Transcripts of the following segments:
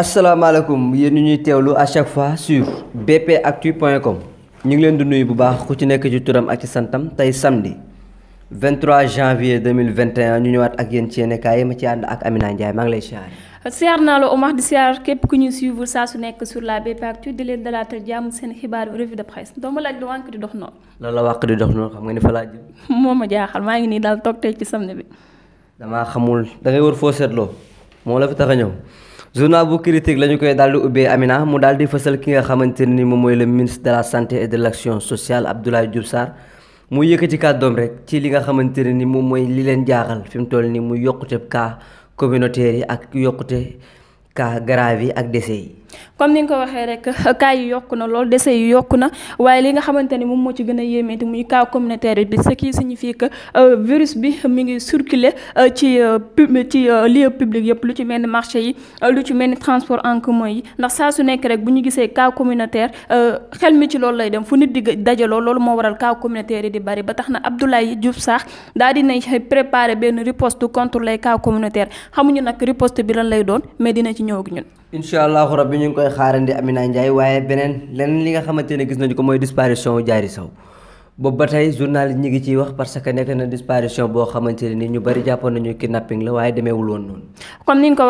asalaamaaleykum yéen ñu ñuy teewlu à chaque fois sur bpactu.com ñu ngi leen di nuyu bu baax ku ci nekk ci turam ak ci santam tey samedi 23 janvier 2021 ñu ñëwaat ak yéen ci yéen kaay ma ci ànd ak Amina Ndiaye maa ngi lay siyaar. siyaar naa la Omar di siyaar képp ku ñuy suivre saa su nekk sur la bpactu di leen dalaatal jàmm seen xibaar revue de presse doomu laaj lu wànq di dox noonu. loolu la wànq di dox noonu xam nga ni fa laa jëm. moo ma jaaxal maa ngi nii daal toog tey ci samedi bi. damaa xamul da ngay foo seetloo moo la fi tax a ñëw. journal bu critique la ñu koy daal di ubbee Amina mu daal di fësal ki nga xamante ne ni moom mooy le ministre de la santé et de l' action sociale Abdoulaye Diouf Sarr mu yëkkati kàddoom rek ci li nga xamante ne ni moom mooy li leen jaaxal fi mu toll nii mu yokkute cas communautaire yi ak yokkute cas grave yi ak dese yi. comme ni nga ko waxee rek cas yi yokk na lool décès yi yokk na waaye li nga xamante ni moom moo ci gën a yéemeeti muy cas communautaire bi ce qui signifie que euh, virus bi mi ngi circuler euh, ci euh, ci lieu public yëpp lu ci mel ni marché yi lu ci mel ni transport en commun yi ndax saa su nekk rek bu ñu gisee cas communautaire xel mi ci loolu lay dem fu nit di dajaloo loolu moo waral cas communautaire yi di bari ba tax na Abdoulaye Diouf Sarr daal dinañ préparer benn riposte contre les cas xamuñu nag riposte bi lan lay doon mais dina ci ñëw ak ñun incha allahu rabbi ñu ngi koy xaarandi Amina Ndiaye waaye beneen leneen li nga xamante ne gis nañu ko mooy disparition Diary saw boobu ba tey journaliste ñi ngi ciy wax parce que nekk na disparition boo xamante ni ñu bari jàppoon nañu kidnapping la waaye demeewul noonu. comme yi nag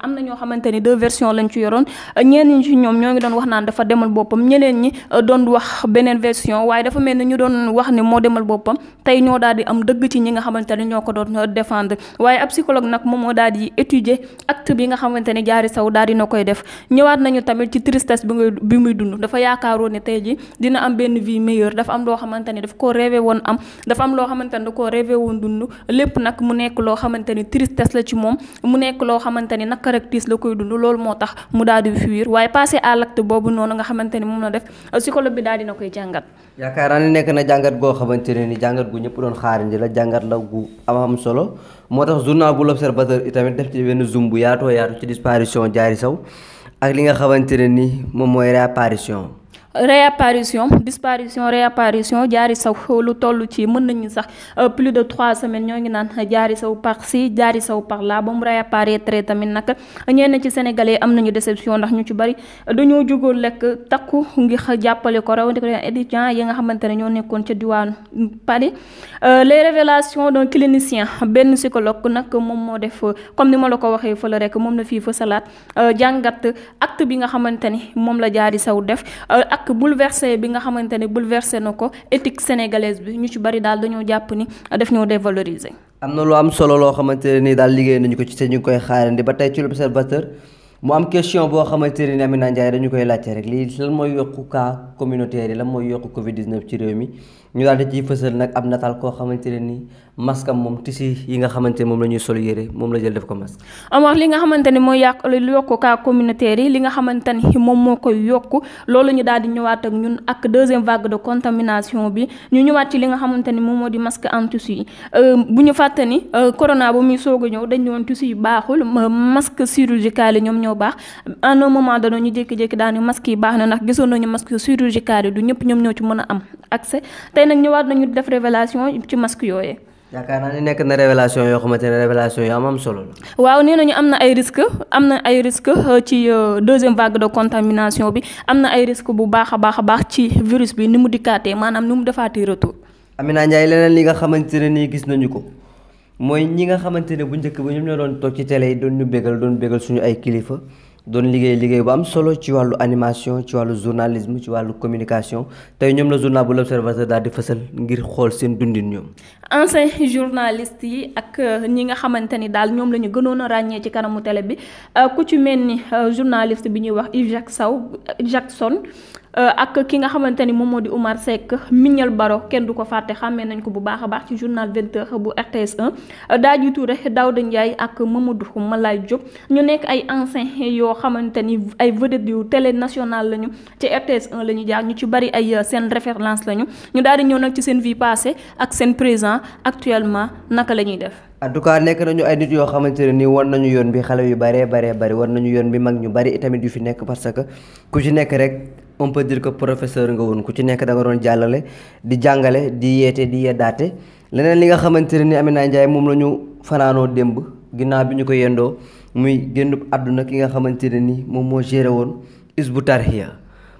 am na ñoo xamante ni deux versions lañ ci yoroon ñeen ñi ci ñoom ñoo ngi doon wax naan dafa demal boppam ñeneen ñi euh, doon wax beneen version waaye dafa mel ni ñu doon wax ni moo demal boppam tey ñoo daal am dëgg ci ñi nga xamante ni ñoo ko doon euh, défendre waaye ab psychologue nag moom moo daal étudier dund dafa yaakaaroon ne tey ji dina am benn vie meilleure dafa am loo xamante ni daf koo rêvé woon am dafa am loo xamante ni da koo rêvé woon dund lépp nag mu nekk loo xamante ni tristesse la ci moom mu nekk loo xamante ni naka rek tiis la koy dund loolu moo tax mu daal di fuir waaye passé à l'acte boobu noonu nga xamante ni moom la def psychologue bi daal dina koy jàngat yaakaar naa ne nekk na jàngat goo xamante ne ni jàngat gu ñëpp doon xaarandi la jàngat la gu am am solo moo tax journal bu l'observateur itamit def ci benn zoom bu yaatoo yaatu ci disparition Diary Sow ak li nga xamante ne ni moom mooy réapparition réapparition disparition réapparition jaari saw lu toll ci mën nañu sax euh, plus de trois semaines ñoo ngi naan jaari saw par ci jaari saw par là ba mu réapparaître tamit nag ñeen ci sénégalais am nañu déception ndax ñu ci bari dañoo jógoon lekk takku ngi jàppale ko rawatina étudiant yi nga xamante ne ñoo nekkoon ca diwaanu Paris euh, les révélations d'un clinicien benn psychologue nag moom moo def comme ni ma la ko waxee fële rek moom la fii fa salaat euh, jàngat acte bi nga xamante ni moom la jaari saw def. ak bouleversé bi nga xamante ne bouleversé na ko éthique sénégalaise bi ñu ci bari daal dañoo jàpp ni daf ñoo dévaloriser. am na lu am solo loo xamante ne nii daal liggéey nañu ko ci te ñu ngi koy xaarandi ba tey ci l'observateur mu am question boo xamante ne Amina Ndiaye dañu koy laajte rek lii lan mooy yokku cas communautaire yi lan mooy yokk Covid 19 ci réew mi. ñu daal di ciy nataal koo xamante ne nii masque am yi nga xamante ne moom la ñuy sol yére moom la jël def ko masque. Amar li nga xamante ne mooy yàq lu yokk cas communautaire li nga xamante ni moom moo koy yokku loolu ñu daal di ñëwaat ak ñun ak deuxième vague de bi ñu ñëwaat ci li nga xamante ni moom moo di masque en tissu euh, bu ñu fàtte ni euh, corona bu muy soog a ñëw dañ ñëwoon tissu yi baaxul masque chirurgical yi ñoom ñoo baax à un moment donné ñu jékki-jékki daal ni masque yi baax na ndax gisoon nañu masque chirurgical yi du ñëpp ñoom ñoo ci mën a am accès tey nag ñëwaat nañu def révélation ci masque yooyu. yaakaar naa ni nekk na révélation yoo xamante ne révélation yu am am solo la. waaw nee nañu am na ay risque am na ay risque euh, ci euh, deuxième vague de contamination bi am na ay risque bu baax a baax a baax ci virus bi ni mu dikkaatee maanaam ni mu defaatee retour. Amina Ndiaye leneen li nga xamante ne nii gis nañu ko mooy ñi nga xamante ne bu njëkk ba ñoom ñoo doon toog ci télé yi doon ñu bégal doon bégal suñu ay kilifa. doon liggéey liggéey bu am solo ci wàllu animation ci wàllu journalisme ci wàllu communication tey ñoom la journal bu l'Observateur daal di fësal ngir xool seen dundin ñoom. ancien journaliste yi ak euh, ñi nga xamante ni daal ñoom la ñu gënoon a ràññee ci kanamu tele bi euh, ku ci mel ni euh, journaliste bi ñuy wax Yves Jacques Saw Jackson Euh, ak ki nga xamante ni moom moo di Oumar Seck Mignal Baro kenn du ko fàtte xàmmee nañ ko bu baax a baax ci journal 20 bu RTS 1 euh, daa jiitu rek Daouda Ndiaye ak Mamadou Malaye Diop ñu nekk ay anciens yoo xamante ni ay vedettes yu télé nationale lañu ci RTS 1 la ñu jaar ñu ci bari ay euh, seen référence lañu ñu daal di ñëw nag ci seen vie passée ak seen présent actuellement naka la ñuy def. en tout cas nekk nañu ay nit yoo xamante ne nii war nañu yoon bi xale yu baree baree bari nañu yoon bi mag ñu bari itamit yu fi nekk parce que ku ci nekk rek. on peut dire que professeur nga woon ku ci nekk da doon jàllale di jàngale di yeete di yeddaate leneen li nga xamante ne ni Amina Ndiaye moom la ñu fanaanoo démb ginnaaw bi ñu ko yendoo muy génnub àdduna ki nga xamante ne ni moom moo géré woon Hizbut Tarqiyyah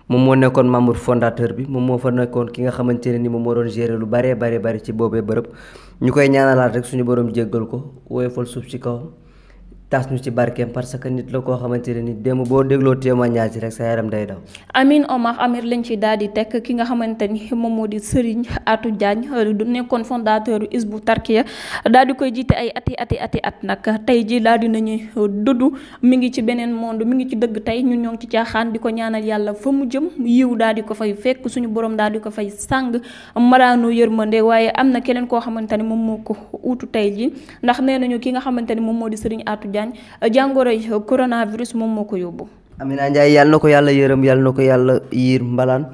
moom moo nekkoon membre fondateur bi moom moo fa nekkoon ki nga xamante ne ni moom moo doon géré lu baree bare bari ci boobee bërëb ñu koy ñaanalaat rek suñu boroom jéggal ko woyofal suuf ci tas ñu ci barkeem parce que nit la koo xamante ni démb boo dégloo témoignage rek sa yaram day daw. Amin Omar Amir lañ ci daal di tekk ki nga xamante moom moo euh, tey ji daal di nañu euh, dudd mi ngi ci beneen monde mi ngi ci dëgg tey ñun ñoo ngi ci caaxaan di ko ñaanal yàlla mu jëm yiw daal di ko fay fekk suñu borom daal di ko fay sàng maraanu yërmande na keneen koo xamante ni moom moo ko uutu tey ji ndax nee nañu ki nga xamante moom moo di Serigne Atou Diagne Diagne jàngoro coronavirus moom moo ko yóbbu. Amina Ndiaye yàlla na ko yàlla yërëm yàlla na ko yàlla yiir mbalaan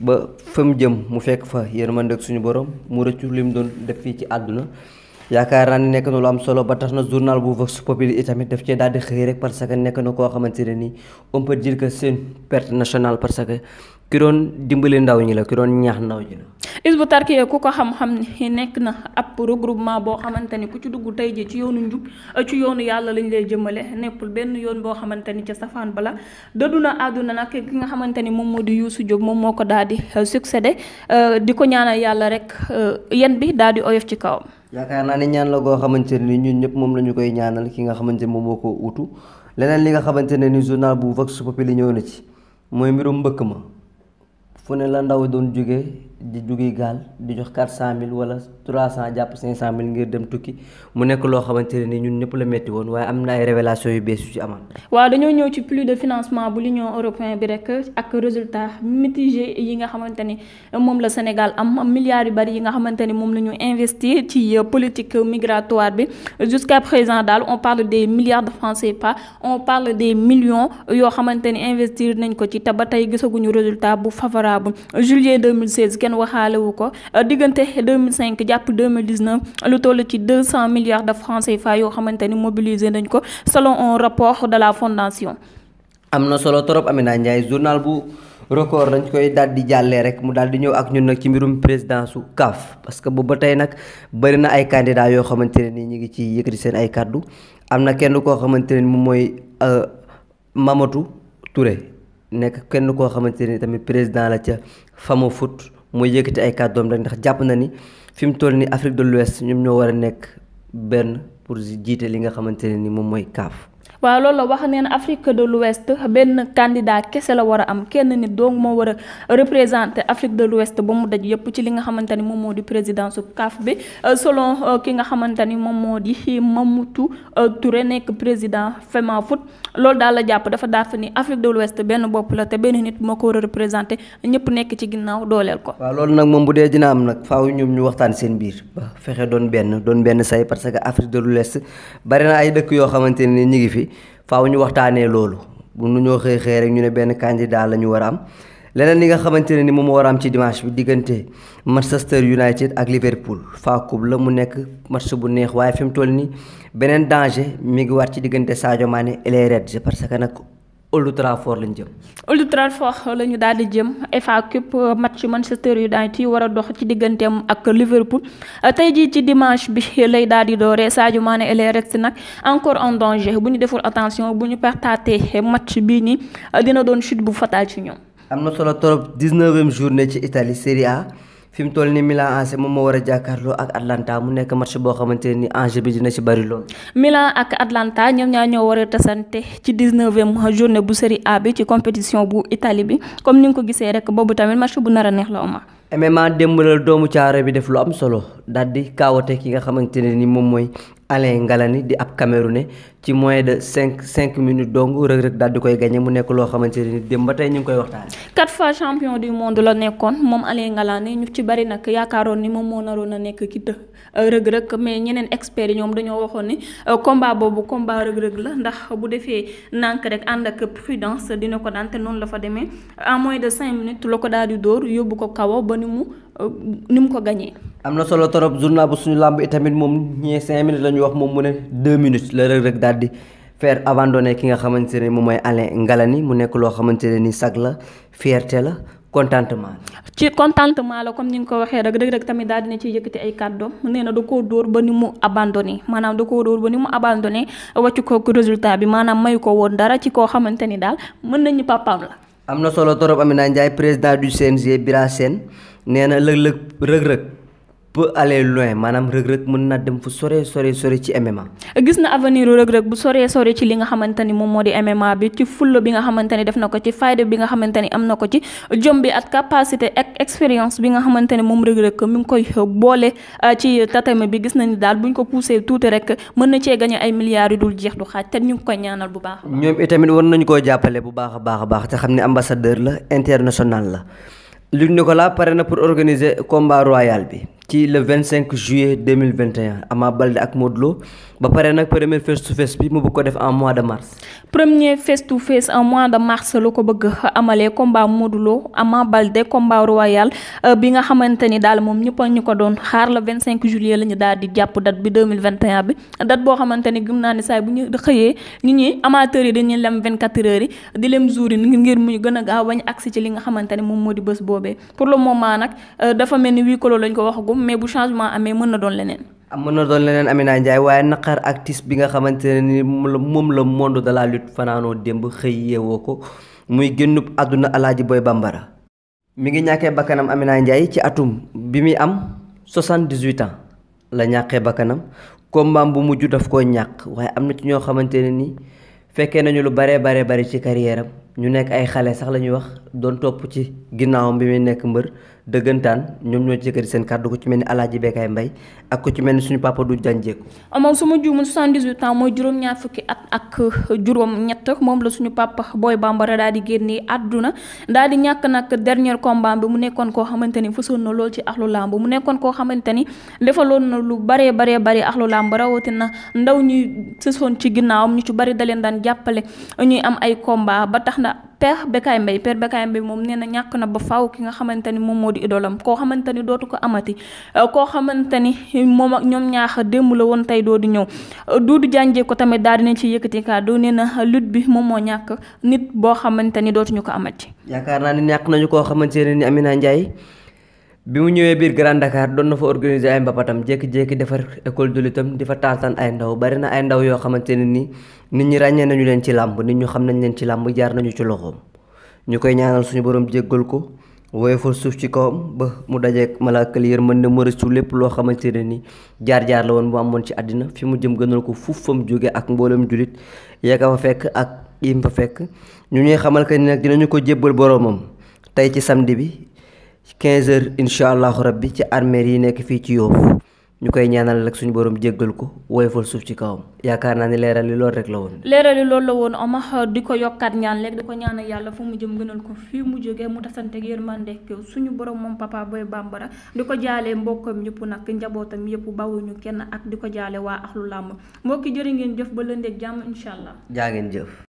ba fa mu jëm mu fekk fa ma ak suñu borom mu rëccu li mu doon def fii ci àdduna. yaakaar naa ne nekk na lu am solo ba tax na journal bu Vox Populi itamit daf cee daal di xëy rek parce que nekk na koo xamante ne nii on peut dire que c'est perte nationale parce que. ki doon dimbali ndaw ñi la ki doon ñaax ndaw ñi la. Hizbut Tarqiyyah ku ko xam-xam ni nekk na ab regroupement boo xamante ni ku ci dugg tey ji ci yoonu njub ci yoonu yàlla lañ lay jëmale nekkul benn yoon boo xamante ni ca safaan bala dëddu na àdduna nag ki nga xamante ni moom moo di Youssou Diop moom moo ko daal di euh, succédé euh, di ko ñaanal yàlla rek euh, yen bi daal di oyof ci kawam. yaakaar naa ñaan la goo xamante ni ñun ñëpp moom la ñu koy ñaanal ki nga xamante ni moom moo ko utu leneen li nga xamante ne ni journal bu Vox Populi ñëw na ci mooy mbirum mbëkk ma. fu ne la ndaw doon jóge di jóge gaal di jox quatre cent mille wala trois cent jàpp cinq ngir dem tukki mu nekk loo xamante ni ñun ñëpp la métti woon waaye am na ay révélation yu bees ci amaan waaw dañoo ñëw ci plus de financement bu l'union européenne bi rek ak résultat mitigé yi nga xamante ni moom la Sénégal am milliards yu bari yi nga xamante ni moom la ñu investir ci euh, politique migratoire bi jusqu'à présent daal on parle des milliards de francs CFA on parle des millions ko ci te ba waxaale wu ko diggante cinq jàpp 2019 lu toll ci 200 milliards de francs CFA yoo xamante ni mobilisé nañ ko selon un rapport de la fondation. am na solo trop Amina Ndiaye journal bu record dañ koy daal di jàllee rek mu daal di ñëw ak ñun nag ci mbirum président su CAF parce que boobu ba tey nag bëri na ay candidats yoo xamante ne nii ñu ngi ci yëkkati seen ay kàddu am na kenn koo xamante ne moom mooy euh, mamatu Touré nekk kenn koo xamante ne tamit président la ca Fama Foot. mooy yëkkati ay kàddoom rek ndax jàpp na ni fi mu toll ni Afrique de l'Ouest ñoom ñoo war a nekk benn pour jiite li nga xamante ne ni moom mooy kaaf waaw loolu la wax neen Afrique de l'Ouest benn candidat kese la war a am kenn nit donc moo war a représenter Afrique de l'Ouest ba mu daj yëpp ci li nga xamante ni moom moo di président su CAF bi euh, selon euh, ki nga xamante ni moom moo di Mamadou euh, Touré nekk président FEMAFOot loolu daal la jàpp dafa daal ni Afrique de l'Ouest benn bopp la te benn moo ko war a ñëpp nekk ci ginnaaw dooleel ko. loolu nag moom bu dee dina am nag faaw ñoom ñu waxtaan seen biir ba fexe doon benn doon benn say parce que Afrique de l'Ouest bari na ay dëkk yoo xamante ni ñu ngi fi. faaw ñu waxtaanee loolu bu nu ñoo xëy xëy rek ñu ne benn candidat la ñu war a am leneen li nga xamante ne ni moom moo war ci dimanche bi diggante Manchester United ak Liverpool fa coupe la mu nekk match bu neex waaye fi mu toll nii beneen danger mi ngi war ci diggante Sadio Mané et les parce que nag Old Trafford lañ jëm. Old Trafford la ñu daal di jëm FA Cup match Manchester United yi war a dox ci digganteem ak Liverpool tey jii ci dimanche bi lay daal di doore Sadio Mané et les restes nag encore en danger bu ñu deful attention bu ñu pertaatee match bii nii dina doon chute bu fatal ci ñoom. am na solo trop 19e journée ci Italie Serie A. fi mu toll nii Milan AC moom moo war a jàkkaarloo ak Atlanta mu nekk marché boo xamante ni enjeu bi dina ci bari lool. Milan ak Atlanta ñoom ñaar ñoo war a tasante ci 19e journée bu Serie A bi ci compétition bu Italie bi comme ni nga ko gisee rek boobu tamit match bu nar a neex la Omar. MMA démb la doomu caare bi def lu am solo daal di kaawate ki nga xamante ne ni moom mooy Alain Ngalani di ab Camerounais ci moins de cinq cinq minutes dong Reug Reug daal di koy gagné mu nekk loo xamante ne ni démb ba tey ñu ngi koy waxtaan quatre fois champion du monde la nekkoon moom Alain Ngalani ñu ci bari nag yaakaaroon ni moom moo naroon a nekk ki Euh, rëg-rëg mais ñeneen experts ñoom dañoo waxoon ni euh, combat boobu combat rëg-rëg la ndax bu defee nànk rek ànd ak prudence dina ko daan te noonu la fa demee en moins de cinq minutes la ko daal di dóor yóbbu ko kawo ba ni mu euh, ni mu ko gañee am na solo torop journal bu suñu làmb itamit moom ñee cinq minutes la ñu wax moom mu ne deux minutes la rëg-rëg daal di faire abandonné ki nga xamante ne moom mooy Alain Ngalani mu nekk loo xamante ne ni sag la fierté la contentement. ci contentement la comme ni nga ko waxee rek dëgg-dëgg tamit daal dina ci yëkkati ay doom nee na da koo dóor ba ni mu abandonné maanaam da koo dóor ba ni mu abandonné wàccu ko résultat bi maanaam mayu ko woon dara ci koo xamante ni daal mën nañu papaam la. am na solo torop naa Ndiaye président du CNG Bira Sène nee na lëg-lëg rëg-rëg. peut aller loin maanaam rëg-rëg mën na dem fu sore sore sore ci MMA. gis na avenir rëg-rëg bu sore sore ci li nga xamante ni moom moo di MMA bi ci fulla bi nga xamante def na ko ci fayda bi nga xamante ni am na ko ci jom bi ak capacité ak expérience bi nga xamante ni moom rëg-rëg mi ngi koy boole euh, ci tatame bi gis na ni daal bu ñu ko poussé tuuti rek mën na cee gagné ay milliards yu dul jeex du xaaj te ñu ngi koy ñaanal bu baax. ñoom itamit war nañu koo jàppale bu baax a baax a baax te xam ne ambassadeur la international la Luc Nicolas pare na pour organiser combat royal bi. ci le 25 juillet 2021 Ama Baldé ak Modou Lo ba pare nag premier face to face bi mu bëgg ko def en mois de mars. premier face to face en mois de mars la ko bëgg amalee combat Modou Lo Ama Baldé royal euh, bi nga xamante daal moom ñëpp ñu ko doon xaar le 25 juillet la ñu daal di jàpp date bi 2021 bi date boo xamante ni gëm naa ne saa bu ñu xëyee nit ñi amateurs yi dañuy lem 24 heures yi di lem yi ngir muy gën a mais bu changement amee mën na doon leneen. Ah, mën na doon leneen Amina Ndiaye waaye naqar ak tiis bi nga xamante ne ni moom la monde de la fanaanoo démb xëy yeewoo ko muy génnub àdduna Alaaji Boy Bambara. mi ngi ñàkkee bakkanam Amina Ndiaye ci atum bi muy am 78 ans la ñàkkee bakkanam combat bu mujj daf koo ñàkk waaye am na ci ñoo xamante ne ni fekkee nañu lu baree baree bari ci carrière ñu nekk ay xale sax la ñuy wax doon topp ci ginnaawam bi muy nekk mbër. dëggantaan ñoom ñoo jëkkati seen kàddu ko ci mel ni alaaji Bekaay Mbay ak ko ci mel ni suñu papa du jànjeeku moom su ma juumul 78 ans mooy juróom fukki ak juróom ñett moom la suñu papa booy bambara daal di génnee àdduna daal di ñàkk nag dernier combat bi mu nekkoon koo xamante ni fësoon na lool ci axlu làmb mu nekkoon koo xamante ni defaloon na lu baree baree baree axlu làmb na ndaw ñuy sësoon ci ginnaawam ñu ci bari da leen daan jàppale ñuy am ay combat ba tax na Père Bécaye Mbaye Père Bécaye Mbaye moom nee na ñàkk na ba faw ki nga xamante ni moom moo di idolam koo xamante ni dootu ko amati koo xamante ni moom ak ñoom ñaaxa démb la woon tey doo di ñëw Doudou Diagne ko tamit daal dinañ ci yëkkati kàddu nee na lutte bi moom moo ñàkk nit boo xamante ni dootuñu ko amati. yaakaar naa ne ñàkk nañu koo xamante ne ni Amina Ndiaye. bi mu ñëwee biir Grand Dakar doon na fa organiser ay mbapatam jékki-jékki defar école de lutte di fa taataan ay ndaw bari na ay ndaw yoo xamante ne ni nit ñi ràññee nañu leen ci làmb nit ñu xam nañ leen ci làmb jaar nañu ci loxoom ñu koy ñaanal suñu borom jéggal ko woyofal suuf ci kawam ba mu dajeek mala malaakal yërmande mu rëccu lépp loo xamante ne ni jaar-jaar la woon mu amoon ci àddina fi mu jëm gënal ko fuuf fa mu jóge ak mboolem jullit yegg fekk ak yim fa fekk ñu ñuy xamal que ni ko jébbal boromam tey ci samedi bi 15 heures incha allahu rabbi ci armeel yi nekk fii ci yoof ñu koy ñaanal rek suñu borom jéggal ko woyofal suuf ci kawam yaakaar naa ne leeral li loolu rek la woon leeral li loolu la woon Omar di ko yokkaat ñaan léegi di ko ñaana yàlla fu mu jëm gënal ko fii mu jógee mu tasanteeg yërmande suñu borom moom papa booy bambara di ko jaalee mbokkam yëpp nag njabootam yëpp bawuñu kenn ak di ko jaale waa axlu làmb mbokki jëri ngeen jëf ba lëndeeg jàmm incha allah jaa ngeen jëf